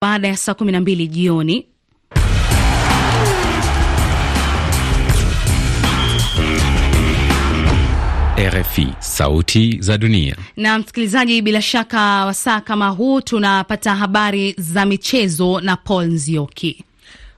baada ya saa 12 jioni. RFI, sauti za dunia. Na msikilizaji, bila shaka wasaa kama huu tunapata habari za michezo na Paul Nzioki.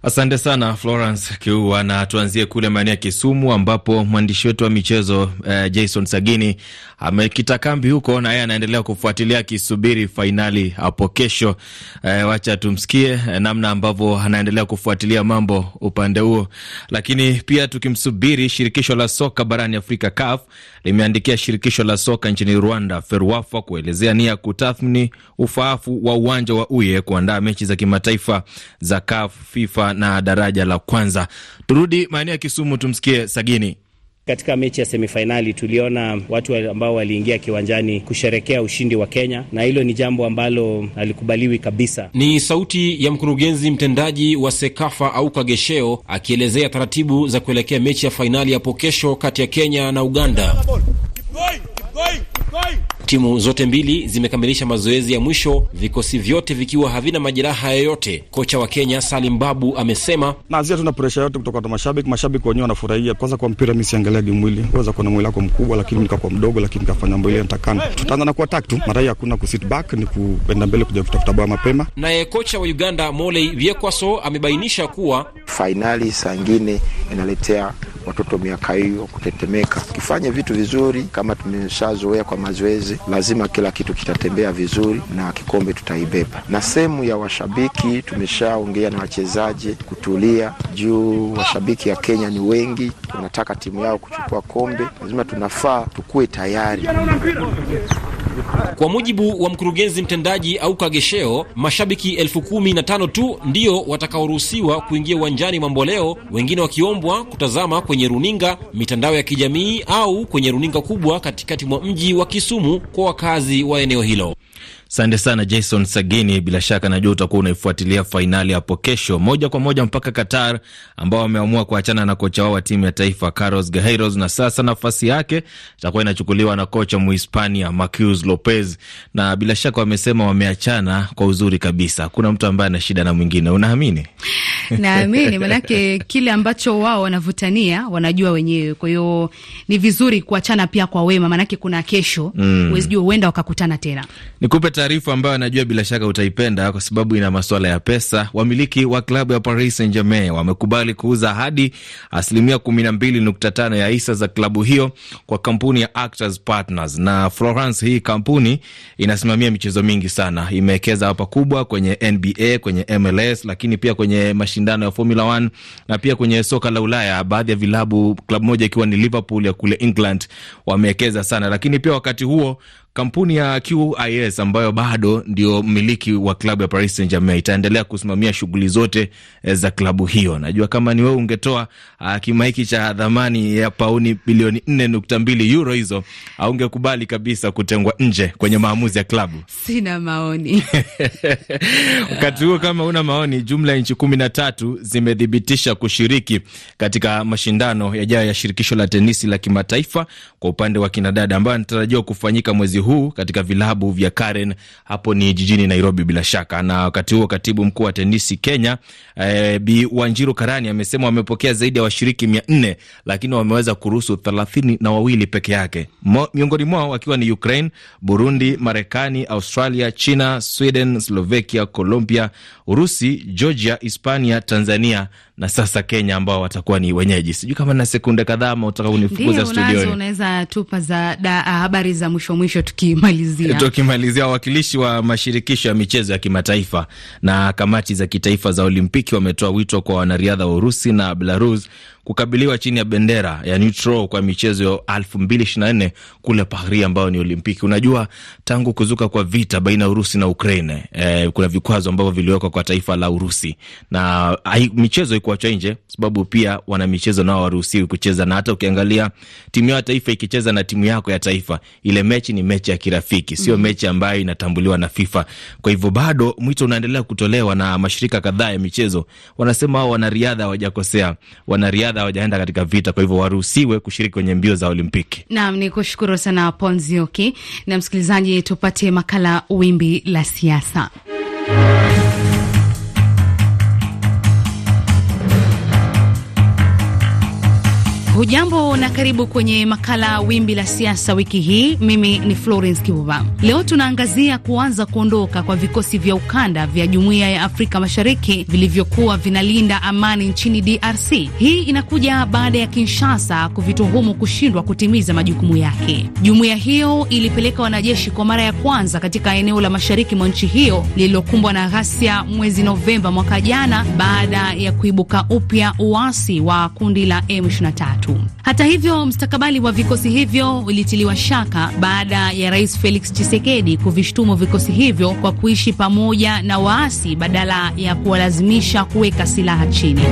Asante sana Florence Kiua, na tuanzie kule maeneo ya Kisumu ambapo mwandishi wetu wa michezo eh, Jason Sagini amekita kambi huko na yeye anaendelea kufuatilia akisubiri fainali hapo kesho. E, wacha tumsikie eh, namna ambavyo anaendelea kufuatilia mambo upande huo, lakini pia tukimsubiri, shirikisho la soka barani Afrika CAF limeandikia shirikisho la soka nchini Rwanda FERWAFA kuelezea nia kutathmini ufaafu wa uwanja wa Uye kuandaa mechi za kimataifa za CAF, FIFA na daraja la kwanza. Turudi maeneo ya Kisumu tumsikie Sagini. Katika mechi ya semifainali tuliona watu ambao waliingia kiwanjani kusherekea ushindi wa Kenya, na hilo ni jambo ambalo halikubaliwi kabisa. Ni sauti ya mkurugenzi mtendaji wa Sekafa au Kagesheo akielezea taratibu za kuelekea mechi ya fainali hapo kesho kati ya Kenya na Uganda. Timu zote mbili zimekamilisha mazoezi ya mwisho, vikosi vyote vikiwa havina majeraha yoyote. Kocha wa Kenya Salim Babu amesema nazia, tuna presha yote kutoka kwa mashabiki. Mashabiki wenyewe wanafurahia. Kwanza kwa mpira, mimi siangaliagi mwili, waweza kuwa mwili wako mkubwa, lakini nikakuwa mdogo, lakini nikafanya ile nitakana. Tutaanza na kuattack tu, mara hii hakuna kusit back, ni kuenda mbele, kuja kutafuta bao mapema. Naye kocha wa Uganda Molei Viekwaso amebainisha kuwa fainali sangine inaletea watoto miaka hiyo kutetemeka. Kifanye vitu vizuri kama tumeshazoea kwa mazoezi, lazima kila kitu kitatembea vizuri na kikombe tutaibeba. Na sehemu ya washabiki, tumeshaongea na wachezaji kutulia juu washabiki ya Kenya ni wengi, wanataka timu yao kuchukua kombe. Lazima tunafaa tukuwe tayari. Kwa mujibu wa mkurugenzi mtendaji au kagesheo mashabiki elfu kumi na tano tu ndio watakaoruhusiwa kuingia uwanjani Mamboleo, wengine wakiombwa kutazama kwenye runinga, mitandao ya kijamii au kwenye runinga kubwa katikati mwa mji wa Kisumu kwa wakazi wa eneo hilo. Asante sana Jason Sagini, bila shaka najua utakuwa unaifuatilia fainali hapo kesho moja kwa moja mpaka Qatar, ambao wameamua kuachana na kocha wao wa timu ya taifa Carlos Gheiros, na sasa nafasi yake itakuwa inachukuliwa na kocha Muhispania Marcus Lopez, na bila shaka wamesema wameachana kwa uzuri kabisa. Kuna mtu ambaye ana shida na mwingine, unaamini? Naamini manake kile ambacho wao wanavutania wanajua wenyewe, kwa hiyo ni vizuri kuachana pia kwa wema, manake kuna kesho, mm. Wezijua huenda wakakutana tena. Nikupe taarifa ambayo anajua bila shaka utaipenda kwa sababu ina masuala ya pesa. Wamiliki wa klabu ya Paris Saint Germain wamekubali kuuza hadi asilimia 12.5 ya hisa za klabu hiyo kwa kampuni ya Actors Partners na Florence. Hii kampuni inasimamia michezo mingi sana, imewekeza hapa kubwa kwenye NBA, kwenye MLS, lakini pia kwenye mashindano ya Formula 1 na pia kwenye soka la Ulaya. Baadhi ya vilabu, klabu moja ikiwa ni Liverpool ya kule England, wamewekeza sana, lakini pia wakati huo Kampuni ya QIS ambayo bado ndio mmiliki wa klabu ya Paris Saint Germain itaendelea kusimamia shughuli zote eh, za klabu hiyo. Najua kama ni wewe ungetoa uh, kimaiki cha thamani ya pauni bilioni nne nukta mbili euro hizo, aungekubali kabisa kutengwa nje kwenye maamuzi ya klabu. Sina maoni wakati huo. Kama una maoni, jumla ya nchi kumi na tatu zimethibitisha kushiriki katika mashindano yajayo ya shirikisho la tenisi la kimataifa kwa upande wa kinadada ambayo anatarajiwa kufanyika mwezi huu katika vilabu vya Karen hapo ni jijini Nairobi bila shaka. Na wakati huo katibu mkuu wa tenisi Kenya eh, Bi Wanjiru Karani amesema wamepokea zaidi ya washiriki mia nne lakini wameweza kuruhusu thelathini na wawili peke yake, miongoni mwao wakiwa ni Ukraine, Burundi, Marekani, Australia, China, Sweden, Slovakia, Colombia, Urusi, Georgia, Hispania, Tanzania na sasa Kenya ambao watakuwa ni wenyeji. Sijui kama na sekunde kadhaa ama utaka unifukuza studioni. Unaweza tupa za habari za mwisho mwisho tukimalizia tukimalizia, wawakilishi wa mashirikisho ya michezo ya kimataifa na kamati za kitaifa za Olimpiki wametoa wito kwa wanariadha wa Urusi na Belarus kukabiliwa chini ya bendera ya Nitro kwa michezo ya 2024 kule Paris ambayo ni Olimpiki. Unajua, tangu kuzuka kwa vita baina ya Urusi na Ukraine eh, kuna vikwazo ambavyo viliwekwa kwa taifa la Urusi na ay, michezo ikuachwa nje, sababu pia wana michezo nao waruhusiwi kucheza, na hata ukiangalia timu ya taifa ikicheza na timu yako ya taifa, ile mechi ni mechi ya kirafiki, sio mm, mechi ambayo inatambuliwa na FIFA. Kwa hivyo bado mwito unaendelea kutolewa na mashirika kadhaa ya michezo, wanasema hao wanariadha hawajakosea, wanariadha bado wajaenda katika vita, kwa hivyo waruhusiwe kushiriki kwenye mbio za Olimpiki. Naam, ni kushukuru sana Ponzioki. Na msikilizaji, tupate makala wimbi la siasa Hujambo na karibu kwenye makala Wimbi la Siasa wiki hii. Mimi ni Florence Kibuba. Leo tunaangazia kuanza kuondoka kwa vikosi vya ukanda vya Jumuiya ya Afrika Mashariki vilivyokuwa vinalinda amani nchini DRC. Hii inakuja baada ya Kinshasa kuvituhumu kushindwa kutimiza majukumu yake. Jumuiya hiyo ilipeleka wanajeshi kwa mara ya kwanza katika eneo la mashariki mwa nchi hiyo lililokumbwa na ghasia mwezi Novemba mwaka jana baada ya kuibuka upya uasi wa kundi la M23 tatu. Hata hivyo, mstakabali wa vikosi hivyo ulitiliwa shaka baada ya Rais Felix Tshisekedi kuvishtumu vikosi hivyo kwa kuishi pamoja na waasi badala ya kuwalazimisha kuweka silaha chini.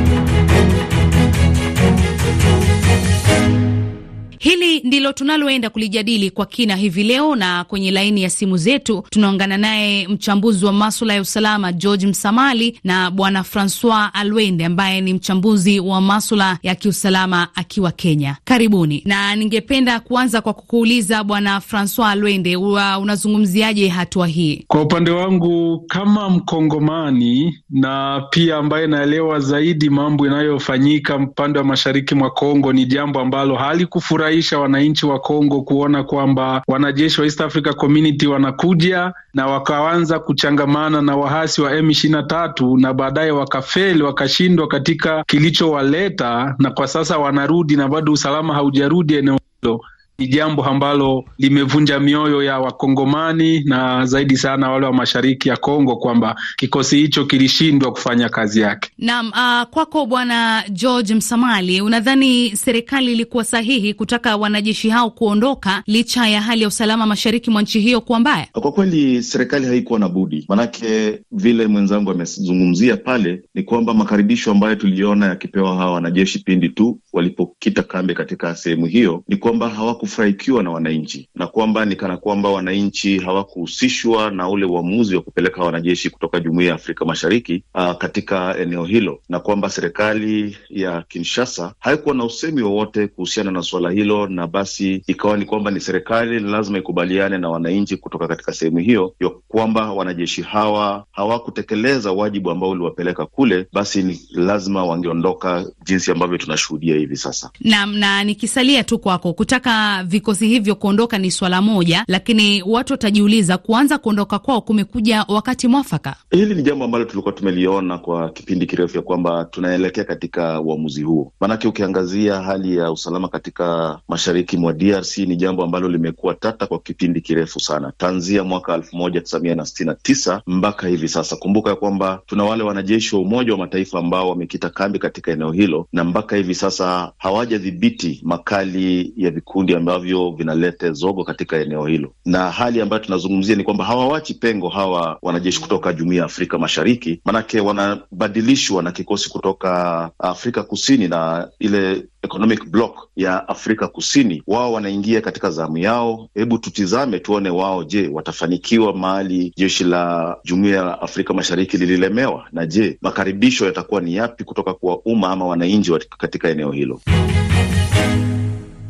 Hili ndilo tunaloenda kulijadili kwa kina hivi leo, na kwenye laini ya simu zetu tunaungana naye mchambuzi wa maswala ya usalama George Msamali na bwana Francois Alwende ambaye ni mchambuzi wa maswala ya kiusalama akiwa Kenya. Karibuni, na ningependa kuanza kwa kukuuliza bwana Francois Alwende, unazungumziaje hatua hii? Kwa upande wangu kama Mkongomani na pia ambaye naelewa zaidi mambo inayofanyika upande wa mashariki mwa Kongo, ni jambo ambalo halikufurahi kufurahisha wananchi wa Kongo kuona kwamba wanajeshi wa East Africa Community wanakuja na wakaanza kuchangamana na wahasi wa M23 na baadaye wakafeli, wakashindwa katika kilichowaleta, na kwa sasa wanarudi na bado usalama haujarudi eneo hilo ni jambo ambalo limevunja mioyo ya Wakongomani na zaidi sana wale wa mashariki ya Kongo kwamba kikosi hicho kilishindwa kufanya kazi yake. Naam. Uh, kwako Bwana George Msamali, unadhani serikali ilikuwa sahihi kutaka wanajeshi hao kuondoka licha ya hali ya usalama mashariki mwa nchi hiyo kuwa mbaya? Kwa kweli serikali haikuwa na budi, manake vile mwenzangu amezungumzia pale ni kwamba makaribisho ambayo tuliona yakipewa hawa wanajeshi pindi tu walipokita kambi katika sehemu hiyo ni kwamba hawaku kufurahikiwa na wananchi, na kwamba ni kana kwamba wananchi hawakuhusishwa na ule uamuzi wa kupeleka wanajeshi kutoka Jumuiya ya Afrika Mashariki uh, katika eneo hilo, na kwamba serikali ya Kinshasa haikuwa na usemi wowote kuhusiana na suala hilo, na basi ikawa ni kwamba ni serikali lazima ikubaliane na wananchi kutoka katika sehemu hiyo ya kwamba wanajeshi hawa hawakutekeleza wajibu ambao uliwapeleka kule, basi ni lazima wangeondoka, jinsi ambavyo tunashuhudia hivi sasa. Naam, na nikisalia tu kwako kutaka vikosi hivyo kuondoka ni swala moja, lakini watu watajiuliza kuanza kuondoka kwao kumekuja wakati mwafaka. Hili ni jambo ambalo tulikuwa tumeliona kwa kipindi kirefu, ya kwamba tunaelekea katika uamuzi huo, maanake ukiangazia hali ya usalama katika mashariki mwa DRC ni jambo ambalo limekuwa tata kwa kipindi kirefu sana, tanzia mwaka elfu moja tisa mia na sitini na tisa mpaka hivi sasa. Kumbuka ya kwamba tuna wale wanajeshi wa Umoja wa Mataifa ambao wamekita kambi katika eneo hilo na mpaka hivi sasa hawajadhibiti makali ya vikundi ambavyo vinaleta zogo katika eneo hilo, na hali ambayo tunazungumzia ni kwamba hawawachi pengo hawa wanajeshi kutoka jumuiya ya Afrika Mashariki, maanake wanabadilishwa na kikosi kutoka Afrika Kusini na ile economic block ya Afrika Kusini, wao wanaingia katika zamu yao. Hebu tutizame tuone wao, je, watafanikiwa mahali jeshi la jumuiya ya Afrika Mashariki lililemewa? Na je, makaribisho yatakuwa ni yapi kutoka kwa umma ama wananchi katika eneo hilo?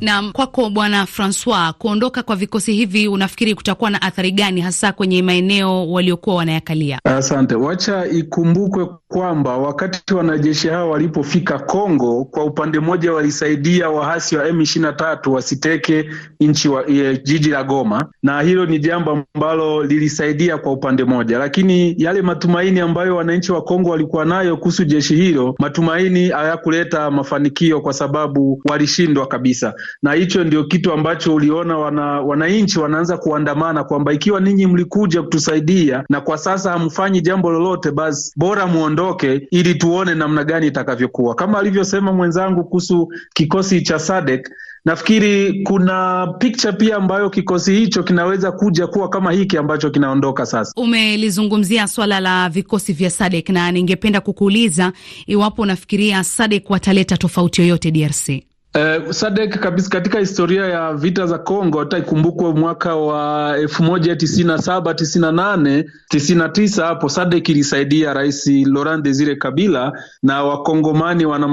Na kwako Bwana Francois, kuondoka kwa vikosi hivi unafikiri kutakuwa na athari gani hasa kwenye maeneo waliokuwa wanayakalia? Asante. Wacha ikumbukwe kwamba wakati wanajeshi hao walipofika Kongo, kwa upande mmoja walisaidia waasi wa M23 wasiteke nchi wa, e, jiji la Goma, na hilo ni jambo ambalo lilisaidia kwa upande mmoja, lakini yale matumaini ambayo wananchi wa Kongo walikuwa nayo kuhusu jeshi hilo, matumaini hayakuleta mafanikio kwa sababu walishindwa kabisa na hicho ndio kitu ambacho uliona wana, wananchi wanaanza kuandamana kwamba ikiwa ninyi mlikuja kutusaidia na kwa sasa hamfanyi jambo lolote, basi bora muondoke ili tuone namna gani itakavyokuwa. Kama alivyosema mwenzangu kuhusu kikosi cha SADC, nafikiri kuna picha pia ambayo kikosi hicho kinaweza kuja kuwa kama hiki ambacho kinaondoka sasa. Umelizungumzia swala la vikosi vya SADC na ningependa kukuuliza iwapo unafikiria SADC wataleta tofauti yoyote DRC. Eh, Sadek kabisa, katika historia ya vita za Kongo hata ikumbukwe mwaka wa elfu moja tisini na saba tisini na nane tisini na tisa hapo Sadek ilisaidia Rais Laurent Desire Kabila, na Wakongomani wana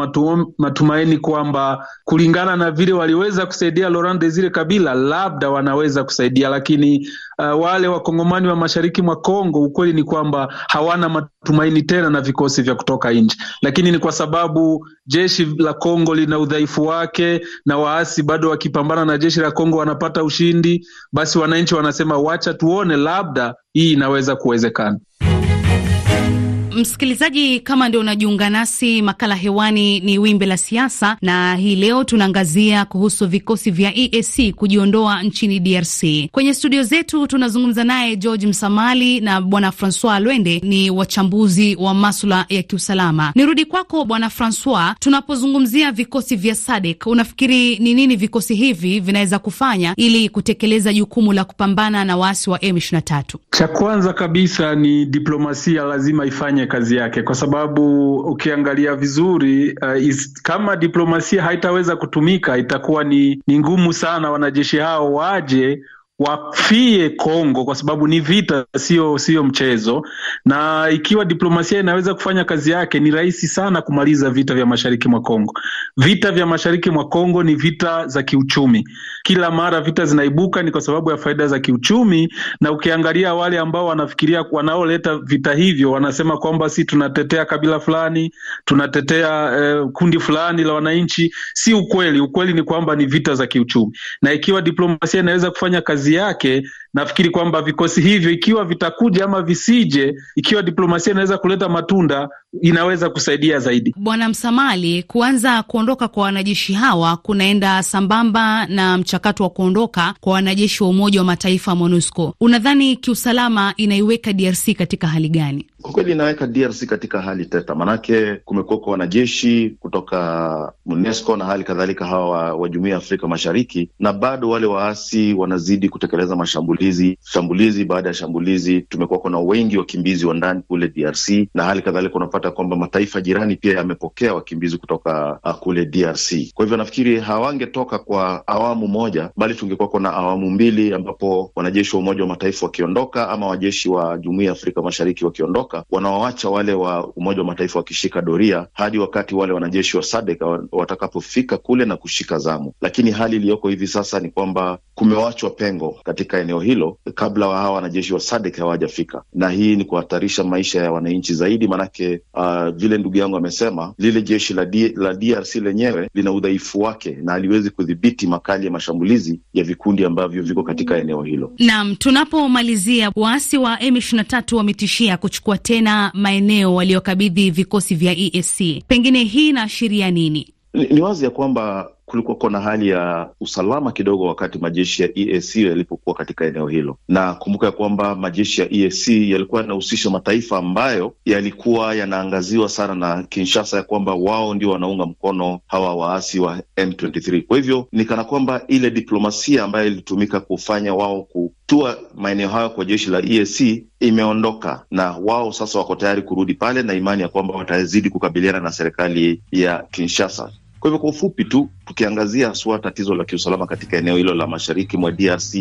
matumaini kwamba kulingana na vile waliweza kusaidia Laurent Desire Kabila, labda wanaweza kusaidia, lakini uh, wale wakongomani wa mashariki mwa Kongo, ukweli ni kwamba hawana matumaini tena na vikosi vya kutoka nje, lakini ni kwa sababu jeshi la Kongo lina udhaifu wake, na waasi bado wakipambana na jeshi la Kongo wanapata ushindi. Basi wananchi wanasema wacha tuone, labda hii inaweza kuwezekana. Msikilizaji, kama ndio unajiunga nasi, makala hewani ni wimbi la siasa, na hii leo tunaangazia kuhusu vikosi vya EAC kujiondoa nchini DRC. Kwenye studio zetu tunazungumza naye George Msamali na bwana Francois Lwende, ni wachambuzi wa maswala ya kiusalama. Nirudi kwako bwana Francois, tunapozungumzia vikosi vya SADC, unafikiri ni nini vikosi hivi vinaweza kufanya ili kutekeleza jukumu la kupambana na waasi wa M23? Cha kwanza kabisa ni diplomasia lazima ifanye kwenye kazi yake, kwa sababu ukiangalia vizuri uh, is, kama diplomasia haitaweza kutumika itakuwa ni, ni ngumu sana wanajeshi hao waje wafie Kongo kwa sababu ni vita, sio sio mchezo. Na ikiwa diplomasia inaweza kufanya kazi yake, ni rahisi sana kumaliza vita vya mashariki mwa Kongo. Vita vya mashariki mwa Kongo ni vita za kiuchumi. Kila mara vita zinaibuka ni kwa sababu ya faida za kiuchumi, na ukiangalia wale ambao wanafikiria wanaoleta vita hivyo wanasema kwamba si tunatetea kabila fulani, tunatetea eh, kundi fulani la wananchi. Si ukweli. Ukweli ni kwamba ni vita za kiuchumi, na ikiwa diplomasia inaweza kufanya kazi basear, que nafikiri kwamba vikosi hivyo ikiwa vitakuja ama visije, ikiwa diplomasia inaweza kuleta matunda, inaweza kusaidia zaidi. Bwana Msamali, kuanza kuondoka kwa wanajeshi hawa kunaenda sambamba na mchakato wa kuondoka kwa wanajeshi wa Umoja wa Mataifa MONUSCO. Unadhani kiusalama inaiweka DRC katika hali gani? Kwa kweli inaweka DRC katika hali teta, manake kumekuwa kwa wanajeshi kutoka UNESCO na hali kadhalika hawa wa Jumuiya ya Afrika Mashariki, na bado wale waasi wanazidi kutekeleza mashambulio hizi shambulizi baada ya shambulizi. Tumekuwa kuna wengi wakimbizi wa ndani kule DRC na hali kadhalika unapata kwamba mataifa jirani pia yamepokea wakimbizi kutoka ah, kule DRC. Kwa hivyo nafikiri hawangetoka kwa awamu moja, bali tungekuwa kuna awamu mbili, ambapo wanajeshi wa Umoja wa Mataifa wakiondoka ama wajeshi wa Jumuiya ya Afrika Mashariki wakiondoka, wanawawacha wale wa Umoja wa Mataifa wakishika doria hadi wakati wale wanajeshi wa SADC watakapofika kule na kushika zamu. Lakini hali iliyoko hivi sasa ni kwamba kumewachwa pengo katika eneo hilo kabla hawa wanajeshi wa SADC hawajafika, na hii ni kuhatarisha maisha ya wananchi zaidi. Maanake uh, vile ndugu yangu amesema, lile jeshi la, la DRC lenyewe lina udhaifu wake na haliwezi kudhibiti makali ya mashambulizi ya vikundi ambavyo viko katika eneo hilo. Naam, tunapomalizia, waasi wa M23 wametishia kuchukua tena maeneo waliokabidhi vikosi vya EAC, pengine hii inaashiria nini? Ni, ni wazi ya kwamba kulikuwa na hali ya usalama kidogo wakati majeshi ya EAC yalipokuwa katika eneo hilo, na kumbuka ya kwamba majeshi ya EAC yalikuwa yanahusisha mataifa ambayo yalikuwa yanaangaziwa sana na Kinshasa ya kwamba wao ndio wanaunga mkono hawa waasi wa M23. Kwa hivyo ni kana kwamba ile diplomasia ambayo ilitumika kufanya wao kutua maeneo hayo kwa jeshi la EAC imeondoka na wao sasa wako tayari kurudi pale na imani ya kwamba watazidi kukabiliana na serikali ya Kinshasa. Kwa hivyo kwa ufupi tu, tukiangazia haswa tatizo la kiusalama katika eneo hilo la mashariki mwa DRC,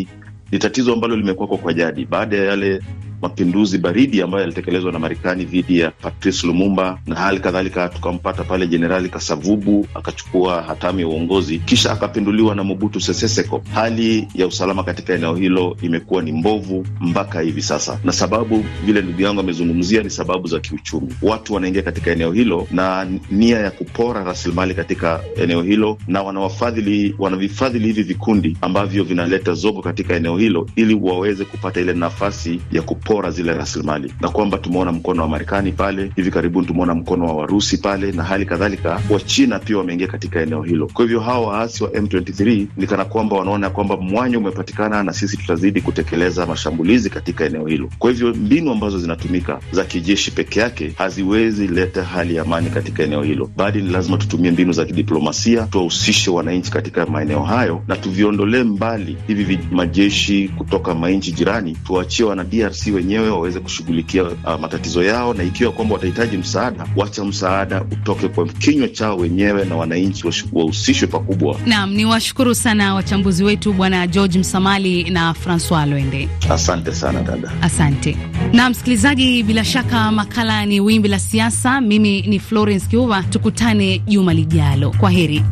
ni tatizo ambalo limekuwako kwa jadi baada ya yale mapinduzi baridi ambayo yalitekelezwa na Marekani dhidi ya Patrice Lumumba, na hali kadhalika tukampata pale Jenerali Kasavubu akachukua hatamu ya uongozi, kisha akapinduliwa na Mobutu Sese Seko. Hali ya usalama katika eneo hilo imekuwa ni mbovu mpaka hivi sasa, na sababu vile ndugu yangu amezungumzia ni sababu za kiuchumi. Watu wanaingia katika eneo hilo na nia ya kupora rasilimali katika eneo hilo, na wanawafadhili wanavifadhili hivi vikundi ambavyo vinaleta zogo katika eneo hilo ili waweze kupata ile nafasi ya kupora kupora zile rasilimali, na kwamba tumeona mkono wa Marekani pale, hivi karibuni tumeona mkono wa Warusi pale na hali kadhalika, Wachina pia wameingia katika eneo hilo. Kwa hivyo hawa waasi wa M23 ni kana kwamba wanaona kwamba mwanya umepatikana na sisi tutazidi kutekeleza mashambulizi katika eneo hilo. Kwa hivyo mbinu ambazo zinatumika za kijeshi peke yake haziwezi leta hali ya amani katika eneo hilo, bali ni lazima tutumie mbinu za kidiplomasia, tuwahusishe wananchi katika maeneo hayo na tuviondolee mbali hivi majeshi kutoka manchi jirani, tuwachie wana DRC wenyewe waweze kushughulikia uh, matatizo yao, na ikiwa kwamba watahitaji msaada, wacha msaada utoke kwa kinywa chao wenyewe na wananchi wahusishwe pakubwa. Naam, ni washukuru sana wachambuzi wetu Bwana George Msamali na Francois Lwende, asante sana dada. Asante na msikilizaji, bila shaka makala ni wimbi la siasa. Mimi ni Florence Kiuva, tukutane juma lijalo. Kwa heri.